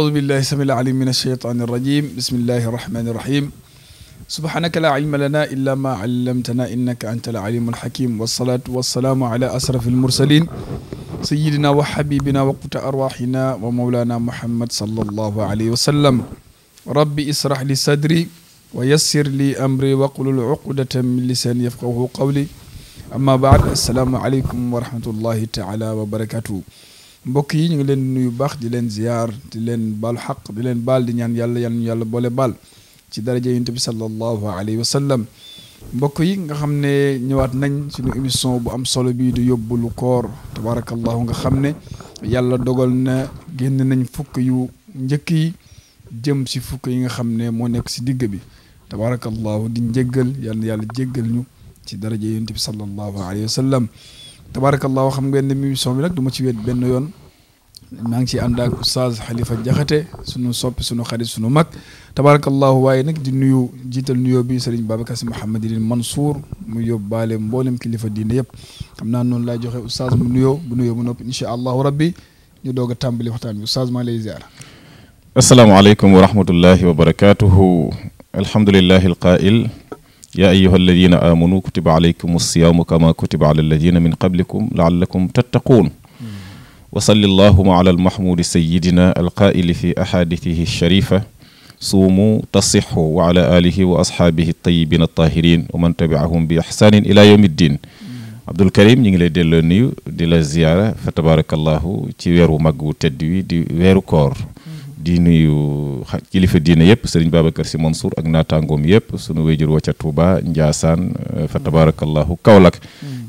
أعوذ بالله السميع العليم من الشيطان الرجيم بسم الله الرحمن الرحيم سبحانك لا علم لنا إلا ما علمتنا إنك أنت العليم الحكيم والصلاة والسلام على أسرف المرسلين سيدنا وحبيبنا وقت أرواحنا ومولانا محمد صلى الله عليه وسلم ربي اسرح لي صدري ويسر لي أمري وقل عقدة من لساني يفقه قولي أما بعد السلام عليكم ورحمة الله تعالى وبركاته mbokk yi ñu ngi leen nuyu baax di leen ziar di leen bal xaq di leen bal di ñaan yàlla yàlla yàlla boole bal ci daraja yonent bi sallallahu alayhi wa sallam mbokk yi nga xam ne ñëwaat nañ suñu émission bu am solo bi di yóbbalu koor tabaarakallahu nga xam ne yàlla dogal na génn nañ fukk yu njëkk yi jëm si fukk yi nga xam ne moo nekk si digg bi tabaarakallahu di njéggal yàlla yàlla jéggal ñu ci daraja yonent bi sallallahu alayhi wa sallam tabarakallahu xam ngeen ne émission bi nag du ma ci wet benn yoon maa ngi ciy ànd ak oustaz Khalifa Diakhaté sunu soppi sunu xarit sunu mag tabarakallahu waaye nag di nuyu jiital nuyoo bi Serigne Babacar Sy Mouhamadulil Mansour mu yóbbaale mboolem kilifa diine yëpp xam naa noonu laay joxe oustaz mu nuyoo bu nuyoo mu noppi incha allahu rabbi ñu doog a tàmbali waxtaan bi oustaz maa lay ziar. asalaamaaleykum wa rahmatullahi wa barakatuhu alhamdulillahi alqail يا أيها الذين آمنوا كتب عليكم الصيام كما كتب على الذين من قبلكم لعلكم تتقون وصل اللهم على المحمود سيدنا القائل في أحاديثه الشريفة صوموا تصحوا وعلى آله وأصحابه الطيبين الطاهرين ومن تبعهم بإحسان إلى يوم الدين عبد الكريم ñu ngi lay delloo nuyu di la ziyaara fa ويرو ci weeru di nuyu kilifa diine yëpp sëriñ Babacar Sy Mansour ak naataangoom yëpp sunu wéjur wa ca Touba Ndiassane euh, fa tabarakallahu Kaolack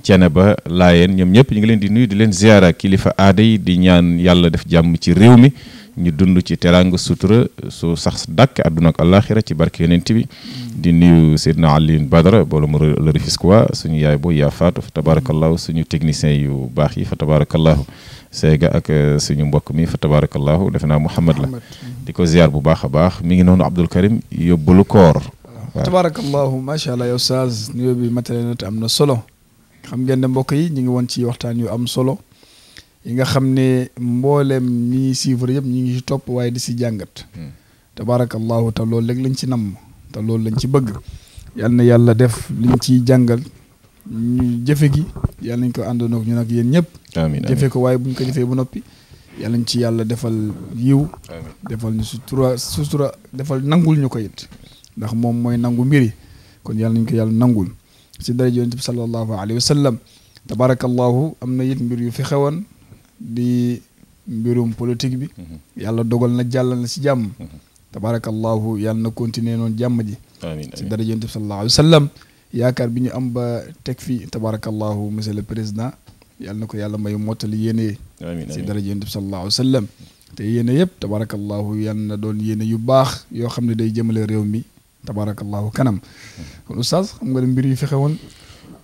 cene mm. ba laayeen ñoom ñëpp ñu ngi leen di nuyu di leen ziara kilifa aada yi di ñaan yàlla def jàmm ci réew mi ñu dund ci teraanga sutura su sax dàkk àdduna ak àllaaxira ci barke yonent bi mm. di nuyu Seydina Alioune Badara boolum mu quoi suñu yaay boo yaa faatu fa tabarakallahu suñu technicien yu baax yi fa tabarakallahu seega ak euh, suñu mbokk mi fa tabarakallahu defe naa Mouhamad la di ko ziar bu baax a baax mi ngi noonu Abdul Karim yóbbalu koor waaw tabarakallahu macha allah yow Saaz nuyoo bi matale te am na solo xam ngeen ne mbokk yi ñu ngi woon ci waxtaan yu am solo yi nga xam ne mbooleem ñi ñuy suivre yëpp ñi ngi ci topp waaye di si jàngat hmm. tabarakallahu te loolu léeg lañ ci nam te loolu lañ ci bëgg yal na yàlla def liñ ci jàngal ñu jëfe gi yàlla nañ ko àndandoo ñu nag yéen ñëpp. amiin jëfe ko waaye buñ ko jëfee bu noppi. yàlla ñu ci yàlla defal yiw. defal ñu sutura sutura defal nangul ñu ko yit ndax moom mooy nangu mbir kon yàlla nañ ko yàlla nangul si daraja yonent bi sallallahu alayhi wa sallam tabarakallahu am na it mbir yu fi di mbirum politique bi. Mhm. yàlla dogal na jàll na si jàmm. Mhm. tabarakallahu yàlla na continuer noonu jàmm ji. amiin si daraja yonent bi sallallahu alayhi wa sallam yaakaar bi ñu am ba teg fii tabarakallahu monsieur le président yàlla na ko yàlla may mottali yéene si daraja yonent bi sallallahu alayhi wa sallam te yéene yëpp tabarakallahu yàlla na doon yéene yu baax yoo xam ne day jëmale réew mi tabarakallahu kanam hmm. kon oustaz xam nga ne mbir yu fexe woon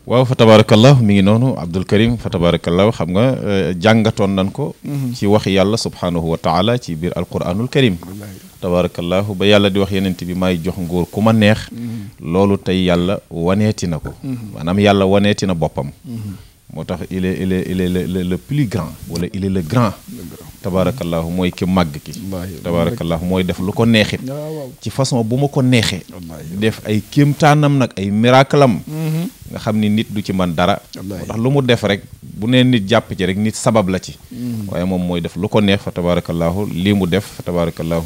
waaw fa tabaarakallah mi ngi noonu Abdul Karim fa tabaarakallah xam nga euh, jàngatoon nan ko mhm. ci wax yàlla subhaanahu wa taala ci biir alquranul karim tabaarakallah ba yàlla di wax yenent bi may jox nguur ku ma neex mhm. loolu tey yàlla waneeti na ko mhm. maanaam yàlla waneeti na boppam moo tax il est le grand wala il est le mooy ki màgg ki tabaarakallah mooy def lu ko neexit ah, ci façon bu ma ko neexee def ay kéemtaanam nag ay miracle am nga xam ni nit du ci man dara ndax lu mu def rek bu nee nit jàpp ci rek nit sabab la ci hmm. waaye moom mooy def lu ko neex fa tabaarakallaahu lii def fa tabaarakallaahu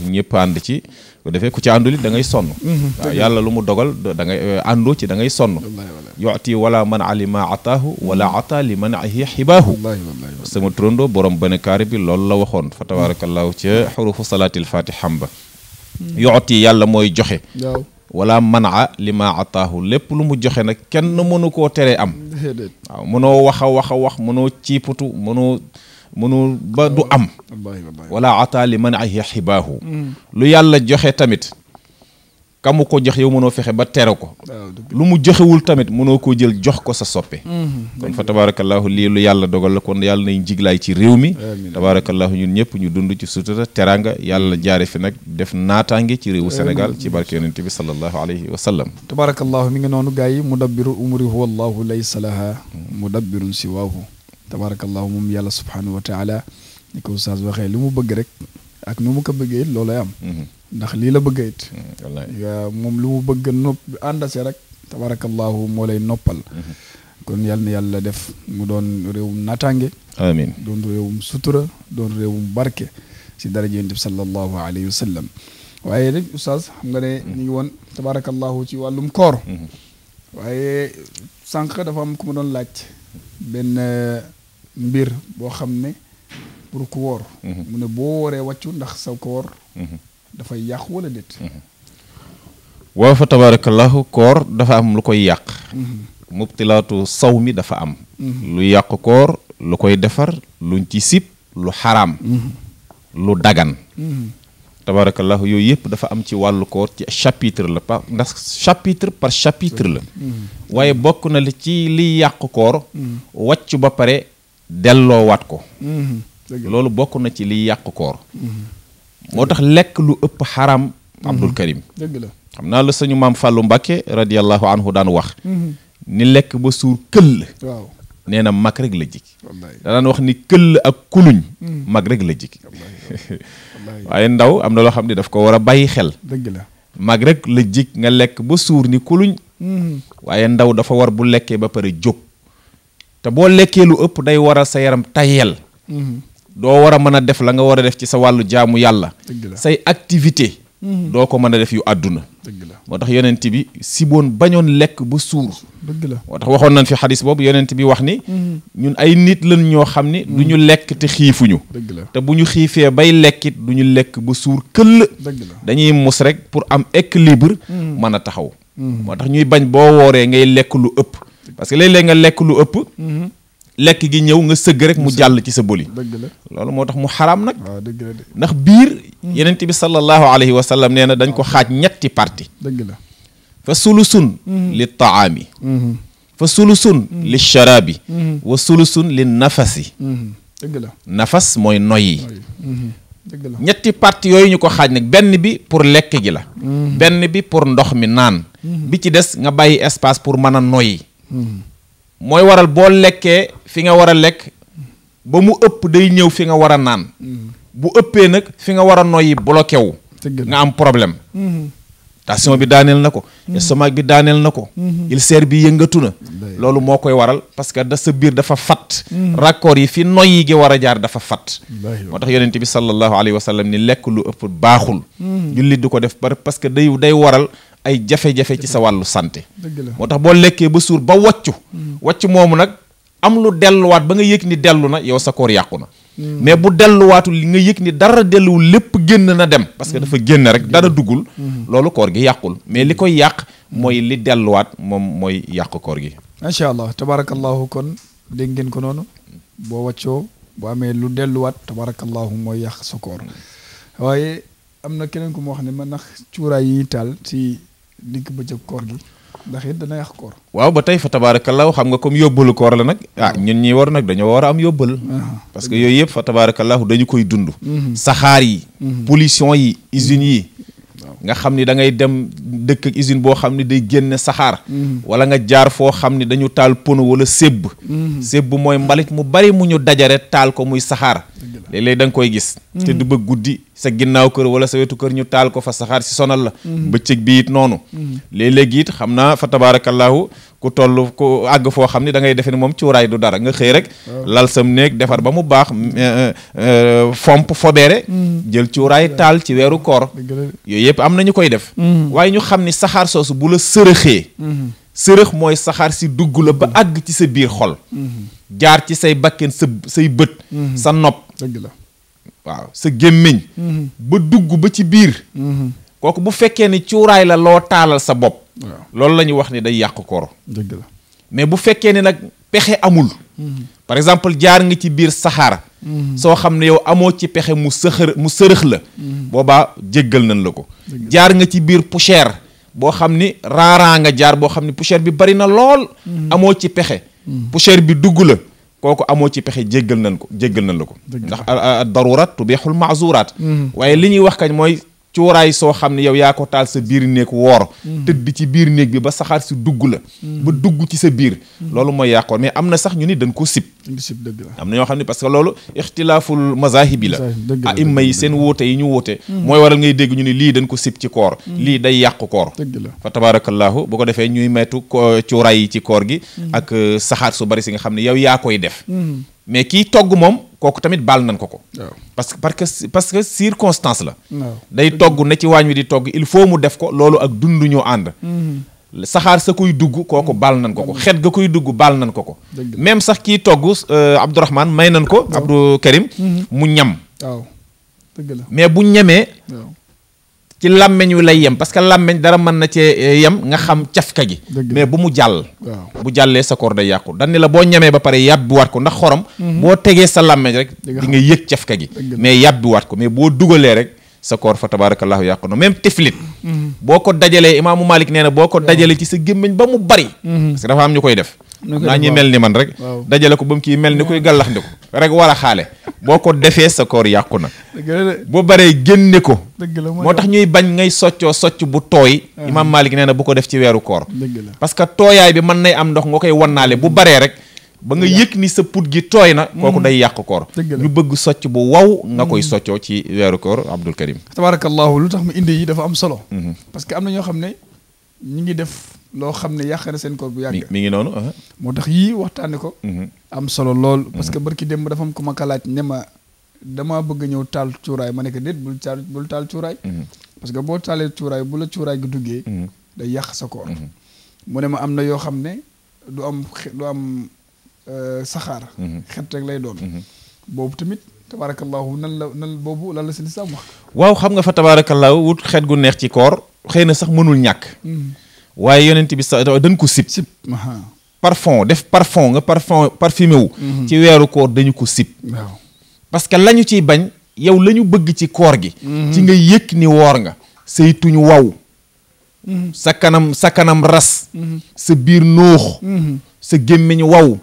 ci bu defee ku ci àndul it da ngay sonn hmm. waaw yàlla lu mu dogal da ngay eh, àndoo ci da ngay sonn yoti wala man alima ataahu wala ata li man ahi xibaahu sama turandoo borom banekaari bi loolu la waxoon fa tabaarakallaahu ca xurufu salaatil fatiham ba hmm. yooti yàlla mooy joxe wala manaa li ma ataahu lépp lu mu joxe nag kenn mënu koo teree am waaw mënoo wax a wax a wax mënoo ciiputu mënoo mënoo ba du am wala ata li manaahi xibaahu lu yàlla joxe tamit kamu ko jox yow mënoo fexe ba tere ko ah, lu mu joxewul tamit mënoo koo jël jox ko sa soppe mhm, kon fa tabaarakallaahu lii lu yàlla dogal la kon yàlla nañ jiglaay ci réew mi tabaarakallaahu ñun ñëpp ñu dund ci sutura teranga yàlla jaare fi nag def naataange ci réew Sénégal ci barke yonent bi sallallahu alayhi wa sallam tabaarakallaahu mi ngi noonu gaa yi mu mudabbiru umri huwa allaahu laysa laha mudabbirun siwaahu tabaarakallaahu moom yàlla subhaanahu wa taala ni ko oustaz waxee li mu bëgg rek ak nu mu ko bëggee loolay am mhm. ndax lii la bëgg it moom lu mu bëgg nopp ànd si rek tabarakallahu moo lay noppal kon yal na yàlla def mu doon réewum naataange amiin doon réewum sutura doon réewum barke si daraja yonent bi sallallahu alayhi wa sallam waaye rek oustaz xam nga ne ñu ngi woon tabarakallahu ci wàllum koor waaye sànq dafa am ku ma doon laaj benn mbir boo xam ne pour ku woor mu ne boo wooree wàccu ndax sa koor dafay yàq wala déet. Mm-hmm. waaw fa tabarakallahu koor dafa am lu koy yàq. Mm-hmm. mubtilaatu saw mi dafa am. Mm-hmm. lu yàq koor lu koy defar luñ ci sib lu xaraam. lu dagan. tabarakallahu yooyu yëpp dafa am ci wàllu koor ci chapitre la pa ndax chapitre par chapitre la. waaye bokk na li ci liy yàq koor. wàcc ba pare delloowaat ko. loolu bokk na ci liy yàq koor. moo tax lekk lu ëpp xaram Abdul mhm. Karim dëgg la xam naa la sañu maam Fàllu Mbàkke radiallahu anhu daan wax mhm. ni lekk ba suur këll waaw na mag rek la jik da daan wax ni këll mhm. mag rek la jik waaye ndaw am na loo xam ne daf ko war a bàyyi xel dëgg la mag rek la jik nga lekk ba suur ni kuluñ waaye ndaw dafa war bu lekkee ba pare jóg te boo lekkee lu ëpp day war a sa yaram tayel doo war a mën a def la nga war a def ci sa wàllu jaamu yàlla say activité mhm. doo ko mën a def yu àdduna moo tax yonent bi siboon bañoon lekk ba suur dëgg la moo tax waxoon nañ fi xadis boobu yonent bi wax ni mhm. ñun ay nit lañ ñoo xam ni mhm. du ñu lekk te xiifuñu te bu ñu xiifee bay lekkit du ñu lekk ba suur këll dañuy mus rek pour am équilibre mën a taxaw moo tax ñuy bañ boo wooree ngay lekk lu ëpp parce que léeg nga lekk lu ëpp lekk gi ñëw nga sëgg rek mu jàll ci sa bëli loolu moo tax mu xaraam nag ndax biir hmm. yenent bi sallallahu alayhi wa sallam nee na dañ ko ah. xaaj ñetti parti dëgg la fa sulusun hmm. li taami hmm. fa sulusun li sharaabi wa sulusun li nafasi dëgg la nafas mooy noyyi dëgg ñetti parti yooyu ñu ko xaaj nag benn bi pour lekk gi la benn bi pour ndox mi naan bi ci des nga bàyyi espace pour mën a noyyi mooy waral boo lekkee fi nga war a lekk ba mu ëpp day ñëw fi nga war a naan bu ëppee nag fi nga war a noyyi bloqué wu nga am problème mhm. tension bi daaneel na ko mhm. estomac bi daaneel na ko ulcère mhm. bi yëngatu na loolu moo koy waral parce que da sa biir dafa fat raccord yi fi noyyi gi war a jaar dafa fat moo tax yonent bi sallallahu alayhi wa ni lekk lu ëpp baaxul jullit di ko def parce que day day waral ay jafe-jafe ci sa wàllu santé moo tax boo lekkee ba suur ba waccu mm. waccu moomu nag am lu delluwaat ba nga yëg ni dellu na yow sa koor yàqu na mm. mais bu delluwaatul li nga yëg ni dara delluwul lépp génn na dem parce que mm. dafa génn rek dara duggul loolu koor gi yàqul mais li koy yàq mooy li delluwaat moom mooy yàq koor gi macha allah tabarakallahu kon dégg ngeen ko noonu boo waccoo boo amee lu delluwaat tabarakallahu mooy yàq sa koor waaye am na keneen ku moo xam ne man nax cuuraay yi taal si ba bëccëg koor gi ndax it dana yàq koor. waaw ba tey fa tabaarakallaahu xam nga comme yóbbalu koor la nag ah ñi war nag dañoo war am yóbbal. Ah, parce que yooyu yëpp fa tabaarakallaahu dañu koy dund. Mhm. saxaar yi. Mhm. pollution yi usines yi. nga xam ni da ngay dem dëkk usine boo xam ni day génne saxaar. Mhm. wala nga jaar foo xam ni dañu taal pono wala sébb. sébb mooy mbalit mu bari mu ñu dajare taal ko muy saxaar. léeg-léeg da nga koy gis mm-hmm. te du bëgg guddi sa ginnaaw kër wala sa wetu kër ñu taal ko fa saxaar si sonal la mm-hmm. bëccëg bi it noonu mm-hmm. léeg-léeg it xam naa fa tabaarakallaahu ku toll ku àgg foo xam ne dangay ngay defe ne moom cuuraay du dara nga xëy rek oh. lal sam néeg defar ba mu baax euh, euh, fomp fobeere jël cuuraay taal ci weeru koor yooyu yëpp am na ñu koy def waaye ñu xam ni saxaar soosu bu la sërëxee sërëx mooy saxaar si dugg la ba àgg ci sa biir xol jaar ci say bakken sa bët sa nopp dëgg waaw sa gémmiñ mm-hmm. ba dugg ba ci biir mm-hmm. kooku bu fekkee ni cuuraay la loo taalal sa bopp loolu la ñuy wax ni day yàqu koor dëgg mais bu fekkee ni nag pexe amul mm-hmm. par exemple jaar nga ci biir saxaar soo xam ne yow amoo ci pexe mu mu sërëx la boobaa jéggal nañ la ko jaar nga ci biir poussière boo xam ni raaraa nga jaar boo xam ni poussière bi bari na lool amoo ci pexe poussière bi dugg la koko amo ci pexe djéggal nañ ko djéggal nañ lako ndax ad darurat tubihul ma'zurat waye liñuy wax kañ moy cuuraay soo xam ne yow ya ko taal sa bir nek wor mhm. teud ci bir nek bi ba sebir, lalu dugg la mhm. ba dugg ci sa bir mhm. lolou moy yakko mais amna sax ñu ni dañ ko sip sib dëgg la am na ñoo xam parce que lolou ikhtilaful mazahibi la a imma yi wote wóote yi ñu wote moy waral ngay deg ñu ni li dañ ko sip ci koor li day yakko koor fa tabarakallah bu ko defé ñuy metu ci koor gi ak euh, saxar su bari si nga xam yow ya koy def mais kii togg moom kooku tamit baal nañ ko ko. parce que parce que parce que circonstance la. day togg na ci waañ wi di togg il faut mu def ko loolu ak dund ñoo ànd. Mm-hmm. saxaar sa kuy dugg kooku baal nañ ko ko mm-hmm. xet ga koy dugg baal nañ ko ko. même sax kii togg euh, Abdourahman may nañ ko. Abdou Karim mm-hmm. mu ñam. mais bu ñamee. ci làmmeñ wi lay yem parce que làmmeñ dara mën na cee eh, yem nga xam cafka gi mais bu mu jàll bu jàllee sa koor day yàqu dan ne la boo ñamee ba pare yàbbiwaat ko ndax xorom mhm. boo tegee sa làmmeñ rek di nga yëg cafka gi mais yàbbiwaat ko mais boo dugalee rek sa koor fa tabaarakallaahu yàqu na même tiflit mhm. boo ko dajalee imaamu Malik nee na boo ko dajalee ci sa gémmiñ ba mu bari mhm. parce que dafa am ñu koy def naa ñi mel ni man rek dajale ko ba mu kii mel ni koy gàllax ndi ko rek war a xaale boo ko defee sa koor yàqu na bu baree génne ko moo tax ñuy bañ ngay soccoo socc bu tooy ah. imaam Malik nee na bu ko def ci weeru koor parce que tooyaay bi mën nay am ndox nga koy wannaale bu baree rek ba nga yëg ni sa put gi tooy na kooku mm. day yàq koor ñu bëgg socc bu waw nga koy mm. soccoo ci weeru koor Abdul Karim tabarakallahu lu tax mu indi yi dafa am solo mm-hmm. parce am na ñoo xam ne ñu ngi def loo xam ne yàq na seen koor bu yàgg. mi ngi noonu. moo tax yii waxtaanee ko. Mhm. am solo lool. parce que mhm. barki démb dafa am ko ma kalaaj ne ma damaa bëgg ñëw taal cuuraay ma ne ko déet bul taal bul taal cuuraay. Mhm. parce que boo taalee cuuraay bu la cuuraay gi duggee. day yàq sa koor. mu ne ma am na yoo xam ne du am du am euh, saxaar. xet rek lay doon. boobu tamit. tabaarakallaahu nan la nan boobu lan la si lislaam wax. waaw xam nga fa tabaarakallaahu wut xet gu neex ci koor. xëy na sax mënul ñàkk. waaye yonent bi sax dañ ko sib. sib parfum def parfum nga parfum parfumé wu. Mhm. ci weeru koor dañu ko sib. parce que lañu ciy bañ yow la ñu bëgg ci koor gi. Mhm. ci nga yëg ni woor nga. say tuñ waw. Mhm. sa kanam sa kanam ras. sa biir nóox. sa gémmiñ waw.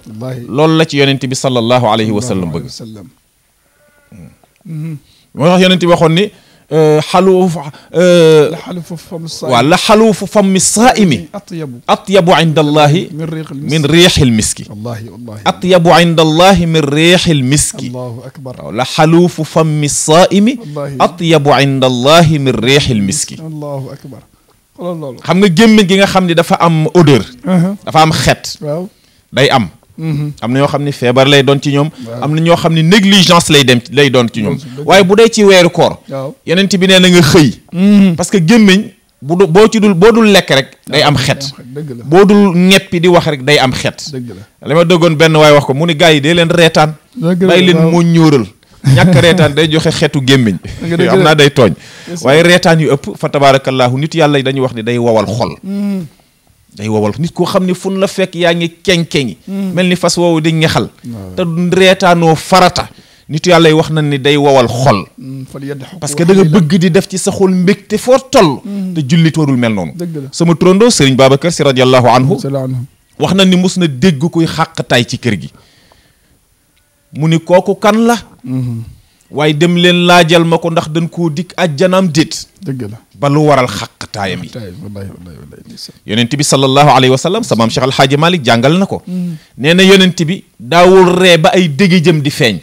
loolu la ci yonent bi sallallahu alayhi wa sallam bëgg. moo yonent bi waxoon ni. حلوف آه، حلوف فم الصائم ولا حلوف فم الصائم أطيب أطيب عند الله من ريح المسك من ريح المسك الله والله أطيب عند الله من ريح المسك الله أكبر ولا حلوف فم الصائم أطيب عند الله من ريح المسك الله أكبر xam nga gémmiñ gi nga xam ni dafa am odeur uh-huh. dafa am xet am na ñoo xam lay doon ci ñoom am na ñoo négligence lay dem lay doon ci ñoom waaye bu dee ci weeru koor yeneen bi nee nga xëy parce que gémmiñ bu ci dul boo dul lekk rek day am xet boo dul ñeppi di wax rek day am xet li ma dëggoon benn wax ko mu ni gars yi dee leen reetaan bàyyi leen moo ñóoral ñàkk day joxe xeetu gémmiñ am day tooñ waaye reetaan yu ëpp fa tabaarakallaahu nit yàlla dañuy wax ni day wawal xol day wowal nit ko xamni fun la fekk yaangi ngi keñ-keñi mel fas woowu di ñaxal te retano farata nit yàlla wax nañ ni day wowal xol parce que da nga bëgg di def ci sa xol mbekté fo toll te jullit warul mel non sama trondo serigne Babacar si radiyallahu anhu wax na ni musna dégg kuy xàq tay ci kër gi muni koku kan la waye dem len lajal mako ndax dañ ko dik aljanam dit deug la ba lu waral xaq taayam yi yonent bi sallallahu alayhi wa sallam samaam Cheikh Alhaaji Malick jàngal na ko nee na yonent bi daawul ree ba ay dégéjam di feeñ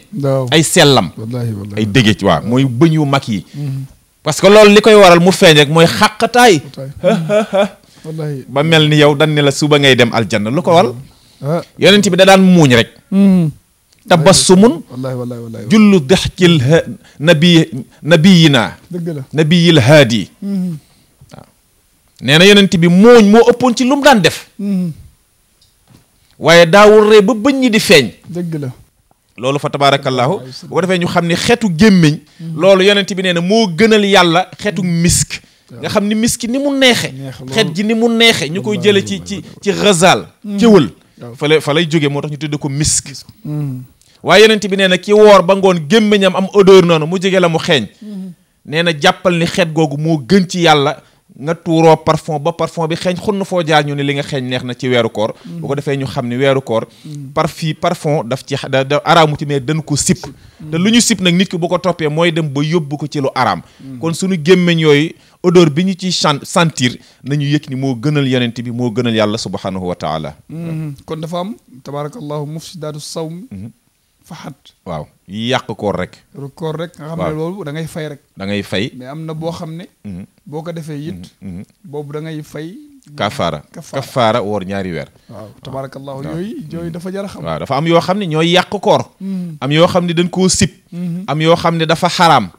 ay sellam ay dégéj waa mooy bëñ yu mag yi mm-hmm. parce que loolu li koy waral mu feeñ rek mooy xaqataay ba mel ni yow dan ne la suba ngay dem aljanna lu ko waral mm-hmm. ah. yonent bi da daan muuñ rek mm-hmm. تبسمون والله والله جل ضحك اله... نبي نبينا نبي الهادي آه. نينا يونت بي موغ مو اوبون سي لوم دان ديف واي داول ري با بني دي فيغ دغ لا لولو فتبارك الله بو دافاي نيو خامني خيتو گيمين لولو يونت بي نينا مو گنال يالا خيتو مسك يا خامني مسك ني مو نيهي خيت جي ني مو نيهي نيكوي جيلي سي سي غزال سي ول فلاي فلاي جوغي موتاخ ني تيدكو مسك waaye yonent bi nee na ki woor ba ngoon gémmiñam am odoor noonu mu jege la mu xeeñ mm-hmm. nee na jàppal ni xeet googu moo gën ci yàlla nga tuuroo parfum ba parfum bi xeeñ xunn foo jaar ñu ne li nga xeeñ neex na ci weeru koor mm-hmm. bu ko defee ñu xam ni weeru koor mm-hmm. parfi parfum daf ci da da araamu ci mais dañ ko sipp te lu ñu sipp nag nit ki bu ko toppee mooy dem ba yóbbu ko ci lu araam kon suñu gémmiñ yooyu odoor bi ñu ci santir sentir nañu yëg ni moo gënal yonent bi moo gënal yàlla subhanahu wa taala kon dafa am tabaarakallahu mufsidaatu sawm faxat waaw yàq koor rek koor rek nga da ngay fay rek da fay mais am na boo xam ne mhm. boo ko defee it mhm, mhm. boobu da ngay fay kafaara kafaara woor ñaari weer waaw tabaarakallaahu ñooy ñooy dafa jar a dafa am yoo xam ne ñooy yàq koor am yoo xam ne dañ koo sib am yoo xam ne dafa xaraam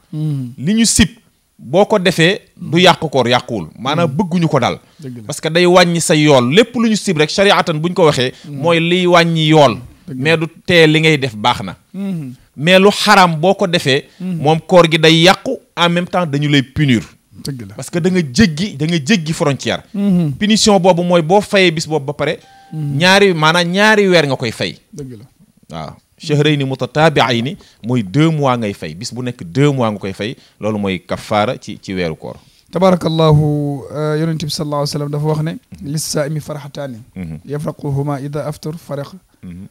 li ñu sib boo ko defee du yàq koor yàquwul maanaam bëgguñu ko daal parce que day wàññi sa yool lépp lu ñu sib rek shariatan buñ ko waxee mooy liy wàññi yool mais du tee li ngay def baax na mais lu xaram boo ko defee moom koor gi day yàqu en même temps dañu lay punir dëgg la parce que da nga jéggi da nga jéggi frontière punition boobu mooy boo fayee bis boobu ba pare ñaari maanaa ñaari weer nga koy fay dëgg la waaw shahrayni ni mooy deux mois ngay fay bis bu nekk deux mois nga koy fay loolu mooy kafaara ci ci weeru koor تبارك الله يونتيب صلى الله عليه وسلم دفو وخني للسائم فرحتان يفرقهما اذا افطر فرح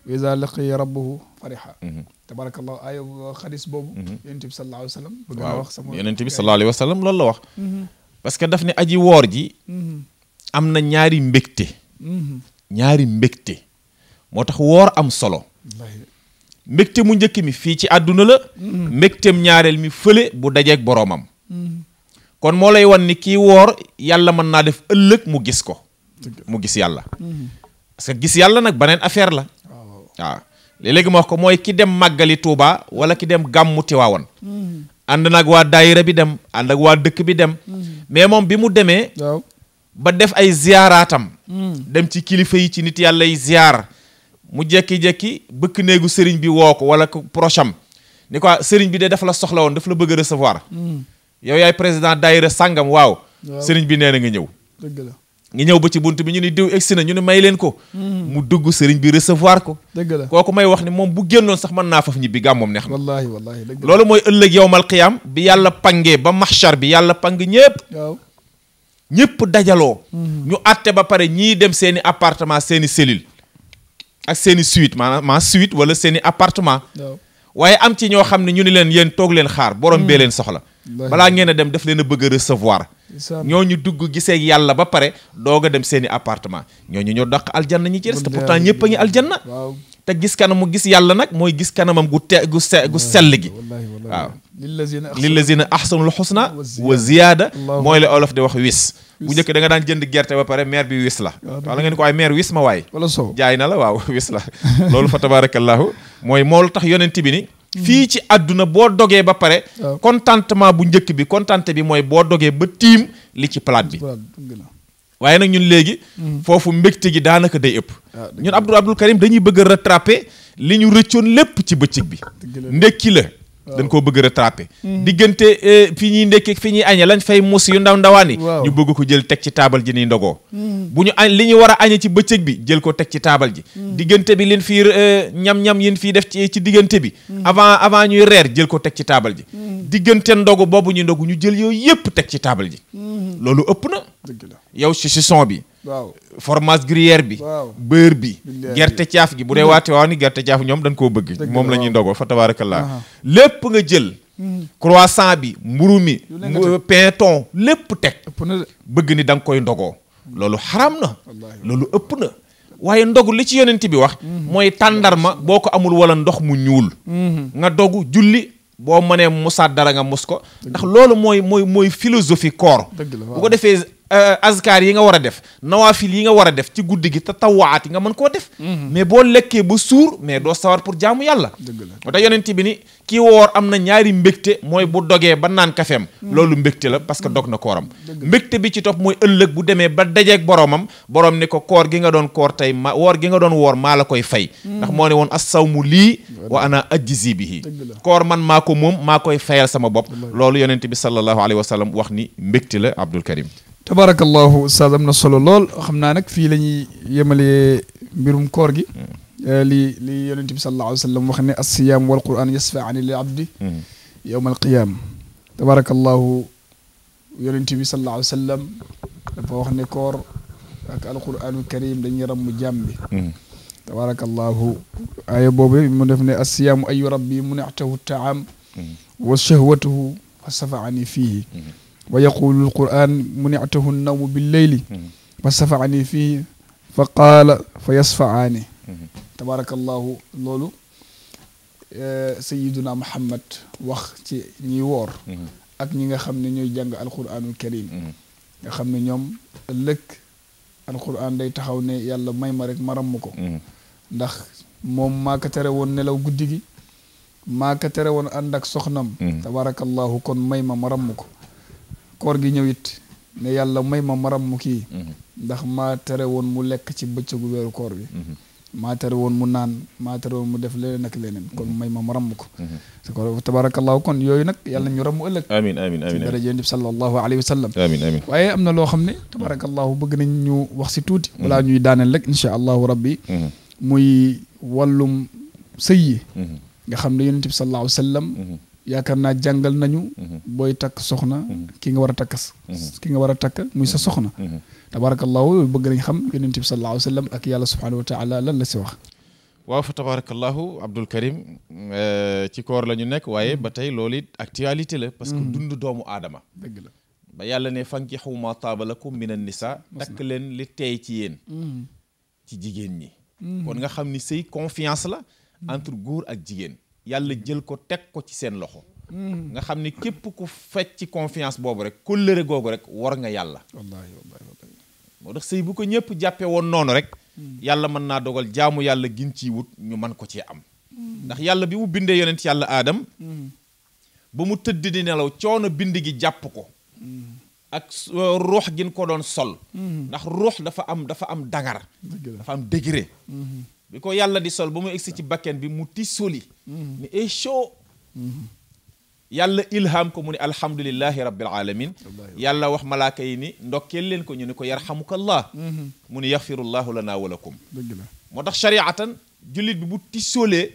واذا لقي ربه فرحا تبارك الله اي خديس بوب يونتيب صلى الله عليه وسلم بغا واخ سمو يونتيب صلى الله عليه وسلم لول واخ باسكو دافني ادي وور جي امنا نياري مبكتي نياري مبكتي موتاخ وور ام سولو مبكتي مو نجهكي مي في تي ادونا لا مبكتم نيارل مي فله بو داجيك بروامم kon moo lay wan ni kii woor yàlla mën naa def ëllëg mu gis ko mu gis yàlla mhm. parce gis yàlla nag beneen affaire la waaw léeg-léegi ma wax ko mooy ki dem màggali Touba wala ki dem gàmmu Tiwaawan mhm. ànd nag waa daayira bi dem ànd ak waa dëkk bi dem mhm. mais moom bi mu demee ba def ay ziaraatam dem ci kilifa yi ci nit yàlla yi ziar mu jekki-jekki bëkk néegu sëriñ bi woo ko wala procham ni ko sëriñ bi de dafa la soxla woon daf la bëgg a recevoir yow yaay président Sangam wow waaw sëriñ bi nee na nga ñëw dëgg la ñëw ba ci buntu bi ñu ni diw egsi na ñu ni may leen ko hmm. mu dugg sëriñ bi recevoir ko dëgg la kooku may wax ni moom bu génnoon sax mën naa faf ñibbi gàmmoom neex na loolu mooy ëllëg yowmal qiyam bi yàlla pangee ba maxchar bi yàlla pang ñépp ñëpp dajaloo hmm. ñu àtte ba pare ñii dem seeni appartement seeni cellule ak seeni suite maanaam suite wala seeni appartement waaye am ci ñoo xam ne ñu ni leen yéen toog leen xaar borom bee hmm. leen soxla balaa ngeen a dem daf leen a bëgg a recevoir ñooñu dugg gisee yàlla ba pare doog dem seen i appartement ñooñu ñoo daq aljanna ñi ci des te pourtant ñëpp a ngi aljanna te gis kanam mu gis yàlla nag mooy gis kanamam gu te gu se gu sell gi waaw lillazina ahsanul husna wa ziyaada mooy la olof de wax wis bu njëkk da nga daan jënd gerte ba pare maire bi wis la waaw la ngeen ko waaye maire wis ma waay jaay na la waaw wis la loolu fa tabarakallahu mooy moolu tax yoneen bi fii ci àdduna boo dogee ba pare contentement bu njëkk bi contenté bi mooy boo dogee ba tiim li ci palaat bi waaye nag ñun léegi mm-hmm. foofu mbégte gi daanaka day ëpp ah, ñun Abdou Abdoul Karim dañuy bëgg a li ñu rëccoon lépp ci bëccëg bi ndekki la dañ koo bëgg rattrapé mm-hmm. diggante eh, fi ñuy ndekkee fi ñuy añe lañ fay mus yu ndaw ndawaani ñu bëgg ko jël teg ci taabal ji ni ndogoo mm-hmm. bu ñu añ li ñu war a añe ci bëccëg bi jël ko teg ci taabal ji mm-hmm. diggante bi leen fii eh, ñam-ñam yin fii def ci ci diggante bi avant avant ñuy reer jël ko teg ci taabal ji diggante ndogu boobu ñu ndogu ñu jël yooyu yëpp teg ci taabal ji loolu ëpp na yow si si bi waaw fromage gruyère bi beurre bi gerte caaf gi bu dee waate waaw ni gerte caaf ñoom dañ koo bëgg moom la ñuy ndogoo fa tabaarakallaa lépp nga jël mhm. croissant bi mburu mi pain thon lépp teg bëgg ni da nga koy ndogoo loolu xaram na loolu ëpp na waaye ndogu li ci yonent bi wax mhm. mooy tàndarma boo ko amul wala ndox mu ñuul mhm. nga dogu julli boo mënee musaat dara nga mus ko ndax loolu mooy mooy mooy philosophie koor bu ko defee Euh, azkar yi nga war a def nawaafil yi nga war a def ci guddi gi te tawaat yi nga mën koo def mhm. mais boo lekkee ba suur mais doo sawar pour jaamu yàlla moo tax yonent bi ni ki woor am na ñaari mbégte mooy bu dogee ba naan kafeem mhm. loolu mbégte la parce que mhm. dog na kooram mbégte bi ci top mooy ëllëg bu demee ba dajeeg boroomam boroom ni ko koor gi nga doon koor tey ma woor gi nga doon woor maa la koy fay ndax moo ne woon mu lii wa ana ajzi bihi koor man maa ko moom maa koy fayal sama bopp loolu yonent bi sallallahu alayhi wa sallam wax ni mbégte la Abdul Karim tabarakallahu ustaz am na solo lool xam naa nag fii la ñuy yemalee mbirum koor gi hmm. eh, li li yonent bi sallallahu alayhi wa sallam wax ne asiyaam wal quran yasfaani li abdi hmm. yowma alqiyaam tabarakallahu yonent bi sallallahu alayhi wa sallam dafa wax ne koor ak alquranu karim dañuy ramm jàmm bi hmm. tabarakallahu aaya boobu mu def ne asiyaamu ayu rabbi munatahu taam wa shahwatuhu fa safaani fiihi wa yaqulu alquran muniatahu nawmu billeyli hmm. fa safaani fii fa qaala fa yasfaani hmm. tabaarakallahu loolu eh, sayiduna muhammad wax ci ñiy woor hmm. ak ñi nga xam ne ñooy jàng alquranul karim nga xam ne ñoom ëllëg alquran day taxaw ne yàlla may ma rek maram ma ko ndax moom maa ko tere woon nelaw guddi gi maa tere woon ànd ak soxnam tabaarakallahu kon may ma maram ma ko koor gi ñëw it ne yàlla may ma maram mu kii mhm. ndax maa tere woon mu lekk ci bëccëgu weeru koor bi mhm. maa tere woon mu naan maa tere woon mu def leneen ak leneen mhm. kon may ma ma ramm ko su ko tabarakallahu kon yooyu nag yàlla ñu ramm ëllëg amiin amiin amiin ci daraja Nabi sallallahu alayhi wa sallam amiin amiin waaye am na loo xam ne tabarakallahu bëgg nañ ñu wax si tuuti balaa ñuy daaneel rek insha allahu rabbi muy wàllum sëy yi nga xam ne yonent bi sallallahu alayhi wa sallam yaakaar naa jàngal nañu. Mhm. booy takk soxna. Mhm. ki nga war a takk mhm. nga war a takk muy sa soxna. tabaarakallaahu bëgg nañ xam yonent bi sallallaahu alayhi wa sallam ak yàlla subhaanahu wa lan la si wax. waaw fa tabaarakallaahu Abdul Karim eh, ci koor la ñu nekk waaye ba tey loolu it actualité la. parce que dund doomu aadama. dëgg la ba yàlla ne fankixu maa taaba lakum minan nisaa. takk leen li tey ci yéen. ci jigéen ñi. kon nga xam ni sëy confiance la. entre góor ak jigéen. yàlla jël ko teg ko ci seen loxo mm-hmm. nga xam ne képp ku fecc ci confiance boobu rek kóllëre googu rek war nga yàlla wallaahi moo tax sëy bu ko ñëpp jàppee woon noonu rek mm-hmm. yàlla mën naa dogal jaamu yàlla gin ciy wut ñu mën ko cee am mm-hmm. ndax yàlla bi mu bindee yonent yàlla aadam ba mu tëdd di nelaw coono bind gi jàpp ko ak uh, ruux gin ko doon sol ndax ruux dafa am dafa dafa am degré bi ko yàlla di sol ba mu egsi ci bakken bi mu tisoli ni e show yàlla ilham ko mu ne alhamdulillahi rabbil alamin yàlla wax malaaka yi ni ndokkeel leen ko ñu ni ko yarhamukallah mu ni yaxfirullahu lana wa lakum moo tax shariatan jullit bi bu tisoolee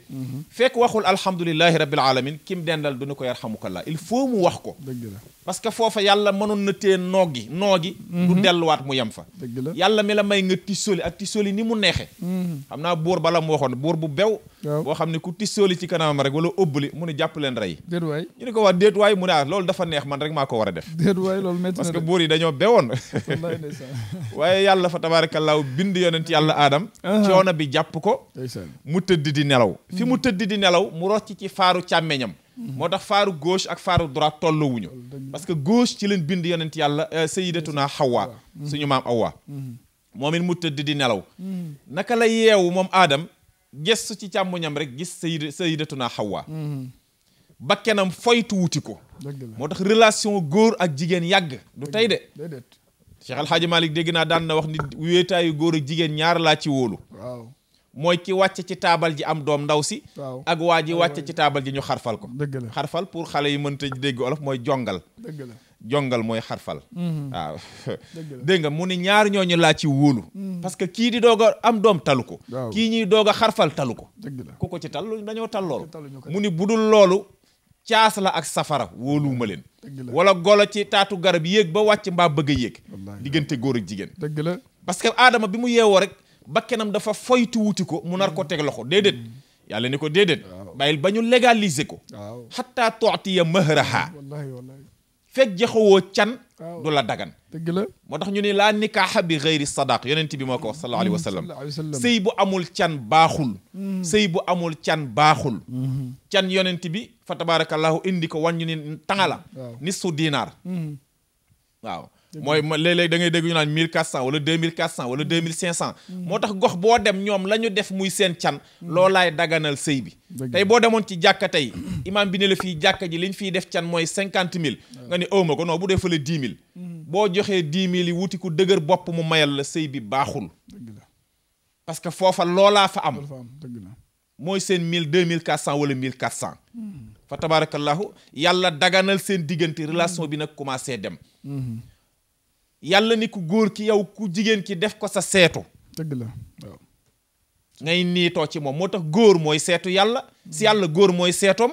fekk waxul alhamdulilahi rabbil alamin kim dendal du ni ko yarhamukallah il faut mu wax ko dëgg la parce que foofa yàlla mënoon na tee noogi noogi du delluwaat mu yem fa dëgg la yàlla mi la may nga tisooli ak tisooli ni mu neexe xam naa buur bala mu waxoon buur bu bew boo xam ne ku tissooli ci kanamam rek wala ëbbali mu jàpp leen rey déet waay ñu ne ko wax déet waay mu ne ah loolu dafa neex man rek maa ko war a def déet waay loolu métti na parce que buur yi dañoo bewoon waaye yàlla fa tabaarakallaahu bind yonent yàlla aadam coono bi jàpp ko mu tëdd di nelaw fi mu hmm. tëdd di nelaw mu rocc ci faaru càmmeñam hmm. moo tax faaru gauche ak faaru droite tolluwuñu parce que gauche ci leen bind yonent yàlla euh, sayyidatuna Hawa hmm. suñu maam Hawa moom it mu tëdd di nelaw la yeewu moom gestu ci càmmoñam rek gis sayid sayidatuna Hawa mhm. ba kenam foytu wuti ko moo tax relation góor ak jigéen yàgg du tey de Cheikh El Hadj dégg naa daan na wax ni wéetaayu góor ak jigéen ñaar laa ci wóolu waaw mooy ci wàcce ci taabal ji am doom ndaw si ak waa ji wàcce ci taabal ji ñu xarfal ko xarfal pour xale yi mënta dégg olof mooy jongal jongal mooy xarfal waaw mhm. ah. dégg nga mu ni ñaar ñooñu laa ci wóolu mhm. parce que kii di doog am doom talu ko kii ñuy doog a xarfal talu ko ku ko ci tal dañoo tal loolu mu ni bu dul loolu caas la ak safara wóoluwuma leen wala golo ci taatu garab yéeg ba wàcc mbaa bëgg a yéeg diggante góor ak jigéen dëgg la parce que aadama bi mu yeewoo rek bakkenam dafa foytu wuti ko mu nar ko mhm. teg loxo déedéet yàlla ni ko déedéet bàyyil ba ñu légaliser ko xatta tooti ya mahraha fekk jaxawoo can du la dagan dëgg la moo tax ñu ne laa nikaaxa bi gayri sadaq yonent bi moo ko wax sallallahu mm-hmm. alayhi wa sallam sëy bu amul can baaxul mm-hmm. sëy bu amul can baaxul mm-hmm. can yonent bi fa tabarakallahu indi ko wan ni tanga la ni su diinaar waaw mooy léeg-léeg da ngay dégg ñu naan mille quatre cent wala deux mille quatre cent wala deux mm-hmm. moo tax gox boo dem ñoom lañu def muy seen can mm-hmm. loolaay daganal sëy bi tey boo demoon ci jàkka tey imaam bi ne la fii jàkka ji li ñu fiy def can mooy cinquante mille nga ne awma ko non bu dee fële dix mille mm-hmm. boo joxee dix mille yi wuti ku dëgër bopp mu mayal la sëy bi baaxul parce que foofa loolaa fa am mooy seen mille deux mille quatre cent wala mille quatre cent fa tabarakallahu yàlla daganal seen diggante relation bi nag commencé dem yàlla ni ku góor ki yow ku jigéen ki def ko sa seetu. dëgg la waaw. ngay niitoo ci moom moo tax góor mooy seetu yàlla. si yàlla góor mooy seetoom.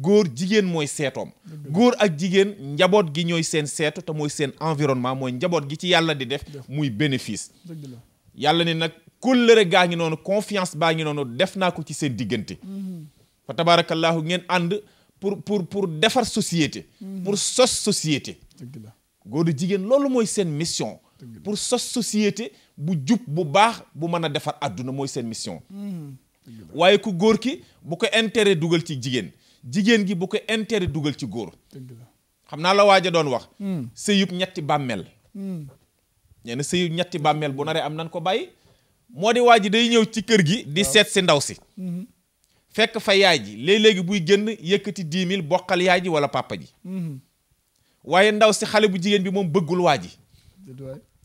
góor jigéen mooy seetoom. góor ak jigéen njaboot gi ñooy seen seetu te mooy seen environnement mooy njaboot gi ci yàlla di def. muy bénéfice. dëgg la yàlla ni nag kóllëre gaa ngi noonu confiance baa ngi noonu def naa ko ci seen diggante. Mm-hmm. fa tabaarakallaahu ngeen ànd pour pour pour defar société. Mm-hmm. pour sos société. C'est la mission mission. pour cette société bu djup bu bax bu defar mission. Hmm. waye ku ki bu ko intérêt dougal ci gi bu ko intérêt dougal ci goor xamna la a wax. Hmm. seyup ñetti bammel ñene hmm. seyup ñetti bu nare am nan ko bàyyi. modi waji day ci gi. di ndaw si. fekk fa wala papa waaye ndaw si xale bu jigéen bi moom bëggul waa ji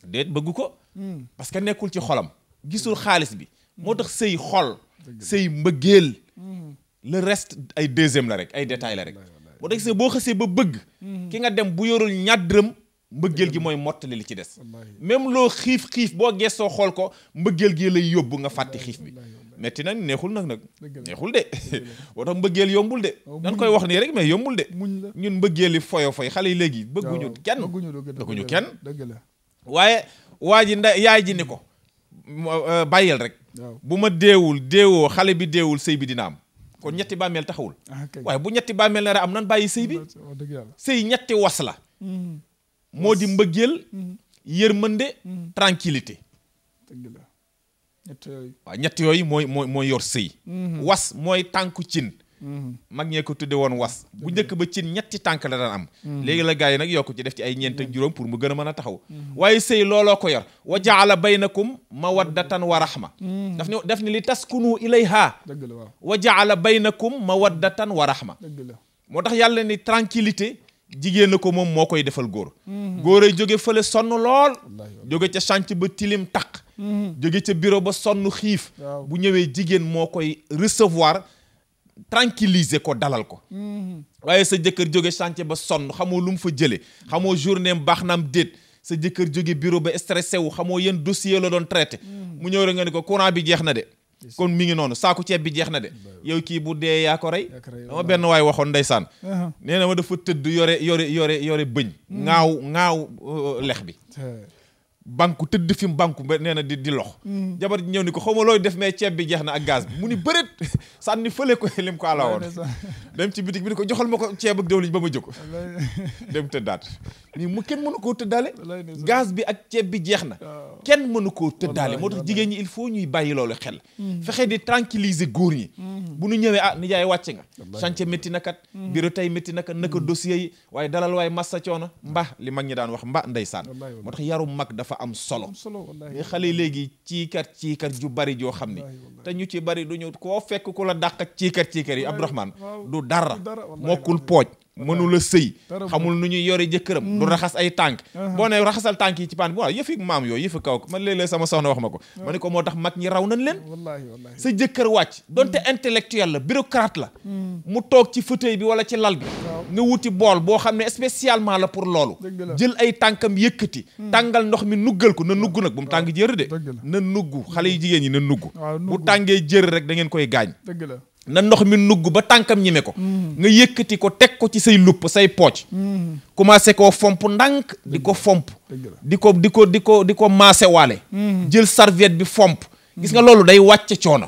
déet bëgg ko hmm. parce que nekkul ci xolam gisul xaalis bi moo tax sëy xol sëy mbëggeel hmm. le reste ay deuxième la rek ay détail la rek moo tax sëy boo xësee ba bëgg hmm. ki nga dem bu yorul ñàddiram mbëggeel gi mooy mottali li ci des même loo xiif xiif boo gestoo xool ko mbëggeel gi lay yóbbu nga fàtti xiif bi metti nag neexul nag nag neexul de woo tax mbëggeel yombul de dañ koy wax nii rek mais yombul de ñun mbëggeel yi foyo foy xale yi léegi bëgguñu kenn bëgguñu kenn waaye waa ji nda yaay ji ni ko euh, bàyyil rek bu ma deewul deewoo xale bi deewul sëy bi dina am kon ñetti bàmmeel taxawul ah, waaye bu ñetti bàmmeel nara am nan bàyyi sëy bi sëy ñetti was la mm-hmm. moo di mbëggeel mm-hmm. yërmande mm-hmm. tranquillité waa ñetti yooyu mooy mooy mooy yor sëy mm-hmm. was mooy tànku cin mag ñee ko tudde woon was bu njëkk ba cin ñetti tànk la daan am léegi la gars yi nag yokku ci def ci ay ñeent juróom pour mu gën a mën a taxaw waaye sëy looloo ko yor wa jaala baynakum mawaddatan wa rahma daf ne daf ne li taskunu ilayha wa jaala baynakum mawaddatan wa rahma moo tax yàlla ni tranquillité jigéen na ko moom moo koy defal góor mhm. góor ay jóge fële sonn lool jóge ca chantier ba tilim taq mhm. jóge ca bureau ba sonn xiif bu ñëwee jigéen moo koy recevoir tranquilliser ko dalal ko mhm. waaye sa jëkkër jóge chantier ba sonn xamoo lu mu fa jële xamoo journée baax naam déet sa jëkkër jóge bureau ba stressé wu xamoo yéen dossier la doon traité mu ñëw rek nga ne ko courant bi jeex na de kon mi ngi noonu saaku ceeb bi jeex na de yow kii bu dee yaa ko rey dama benn waay waxoon ndeysaan uh-huh. nee na ma dafa tëdd yore yore yore yore bëñ mm. ŋaaw ŋaaw uh, uh, lex bi banku tëdd fi mu ba nee na di di lox mm. jabar ji ñëw ni ko xaw ma looy def mais ceeb bi jeex na ak gaz bi mu ni bëreet sànni fële ko lim ko alawoon dem ci bitik bi ni ko joxal ma ko ceeb ak diwlin ba ma jóg dem tëddaat nii mu kenn mënu koo tëddaale gaz bi ak ceeb bi jeex na kenn mënu koo tëddaale moo tax jigéen ñi il foo ñuy bàyyi loolu xel mm. fexe di tranquilliser góor ñi mm. bu nu ñëwee ah nijaay wàcce nga chantier métti na kat bureau tey métti na kat naka dossier yi waaye dalal waaye massa coono mba li mag ñi daan wax mba ndeysaan moo tax yaru mag fa am solo mais xale yi léegi ciikat ciikat ju bari joo xam ni te ñu ci bari du ñëw ko fekk ku la dàq ciikat ciikat yi Abdourahmane du dara mokkul pooj mënula a sëy xamul nu ñuy yore jëkkëram mm. du raxas ay tànk boo ne raxasal tànk yi ci paan bi waaw yëfi maam yooyu yëfi kaw ma léeg-léeg sama soxna wax ma ko ma ne ko moo tax mag ñi raw nañ leen sa jëkkër wàcc donte mm. intellectuel la bureaucrate la mm. mu toog ci fauteuil bi wala ci lal bi nga wuti bool boo xam ne spécialement la pour loolu jël ay tànkam yëkkati tàngal ndox mi nuggal ko na nugg nag bu mu tànk jër de na nugg xale yu jigéen ñi na nugg bu tàngee jër rek da ngeen koy gaañ na ndox mi nugg ba tànkam ñime ko mm. nga yëkkati ko teg ko ci say lupp say pooc mm. commencé koo fomp ndànk di ko fomp di ko di ko di ko di ko waale mm. jël serviette bi fomp gis nga loolu day wàcce coono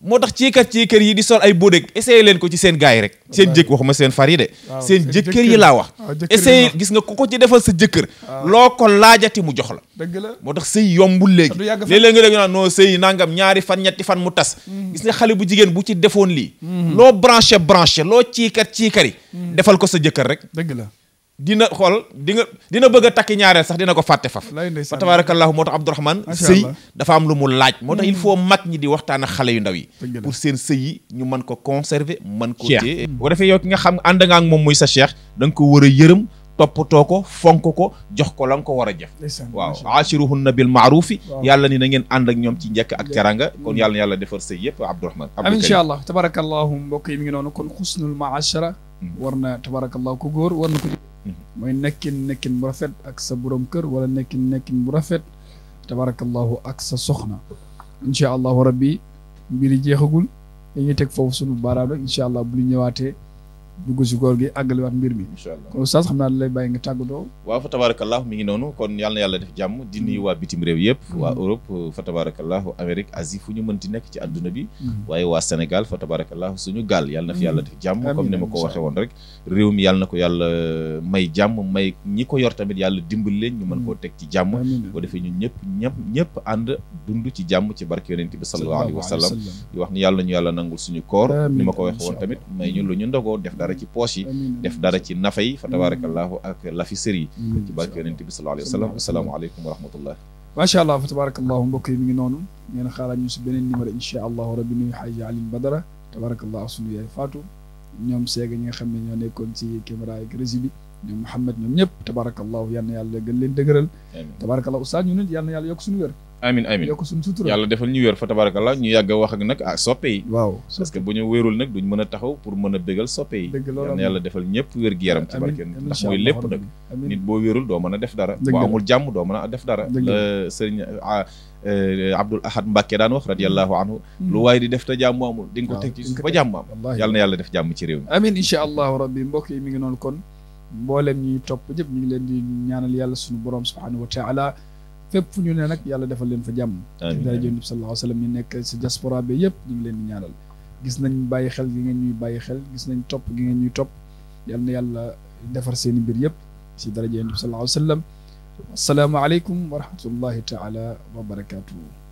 moo tax ciikar ciikar yi di sol ay bodeg essayé leen ko ci seen gars yi rek seen jëkk waxuma seen far yi de seen jëkkër yi laa wax essayé gis nga ku ko ci defal sa jëkkër loo ko laajati mu jox la dëgg la moo tax sëy yombul léegi léeg-léeg nga dégg naa non sëy nangam ñaari fan ñetti fan mu tas mm. gis nga xale bu jigéen bu ci defoon lii mm. loo branché branché loo ciikar ciikar yi mm. defal ko sa jëkkër rek dëgg la dina xool di dina bëgg a takki ñaareel sax dina ko fàtte faf fa tabarakallahu moo tax Abdourahmane sëy dafa am lu mu laaj moo tax il faut mag ñi di waxtaan ak xale yu ndaw yi pour seen sëy yi ñu mën ko conserver mën ko téye bu defee yow ki nga xam ànd nga ak moom muy sa cheikh da nga ko war a yërëm toppatoo ko fonk ko jox ko la ko war a jëf waaw aashiruhunna bil maarufi yàlla ni na ngeen ànd ak ñoom ci njëkk ak teranga kon yàlla na yàlla defar sëy yëpp abdourahman amin incha allah tabarakallahu mbokk yi mi ngi noonu kon xusnul maachara hmm. war na tabarakallahu ku góor war na ko hmm. mooy nekkin nekkin bu rafet ak sa borom kër wala nekkin nekkin bu rafet tabarakallahu ak sa soxna incha allahu rabbi mbiri jeexagul dañuy teg foofu sunu baaraam rek incha allah bu ñu ñëwaatee dugg si koor gi àggaliwaat mbir mi incha allah kon oustaz xam naa lay bàyyi nga tàggatoo waaw fa tabarakallah mi ngi noonu kon yàlla na yàlla def jàmm di nuyu waa bitim réew yëpp mm-hmm. waa Europe fa tabarakallah Amérique Asie fu ñu mënti nekk ci àdduna bi mm-hmm. waaye waa Sénégal fa tabarakallah suñu gaal yàlla mm-hmm. yàlla def jàmm comme ni ma ko waxee woon rek réew mi yàlla na ko yàlla may jàmm may ñi ko yor tamit yàlla dimbal leen ñu mën koo teg ci jàmm boo defee ñun ñëpp ñëpp ñëpp ànd dund ci jàmm ci barke yonent bi sallallahu alayhi wa sallam di wax ni yàlla ñu yàlla nangul suñu koor ma ko waxee woon tamit dara ci poche yi def dara ci nafa yi fa tabarakallahu ak lafi sër yi ci barke yonente bi sallallahu alayhi wa sallam asalaamaaleykum wa rahmatullah macha allah fa tabarakallahu mbokk yi mi ngi noonu ngeen xaaraat ñu si beneen numéro incha allahu rabbi nuyu xaaji Alioune Badara tabarakallahu sunu yaay Fatou ñoom seega ñi nga xam ne ñoo nekkoon ci caméra ak régie bi ñoom Mouhamed ñoom ñëpp tabarakallahu yal na yàlla gën leen dëgëral tabarakallahu ustaas ñu nit yal na yàlla yokk suñu wér amin amin yokk suñu sutura yàlla defal ñu wér fa tabarakallah ñu yàgg a nag ah, soppe yi parce que bu ñu wérul nag duñ mën a taxaw pour mën a bégal soppe yi na yàlla defal ñëpp wér gi yaram ci barke ndax mooy lépp nag nit boo wérul doo mën a def dara boo amul jàmm doo mën a def dara la sëriñ ah, eh, Abdul Ahad Mbàkke daan wax radiyallahu anhu mm. lu waaye di def te jàmm amul di ko teg ci ba jàmm am yàlla na yàlla def jàmm ci réew mi amin incha allahu rabbi mbokk yi mi ngi noonu kon mboolem yàlla suñu borom subhanahu wa fépp fu ñu ne nag yàlla defal leen fa jàmm ci dara jënd bi sallallahu alayhi wa sallam ñu nekk si diaspora bi yëpp ñu ngi leen di ñaanal gis nañ bàyyi xel gi ngeen ñuy bàyyi xel gis nañ topp gi ngeen ñuy topp yal na yàlla defar seeni mbir yëpp si dara jënd bi sallallahu alayhi wa sallam asalaamaaleykum wa rahmatullahi taala wa barakaatuhu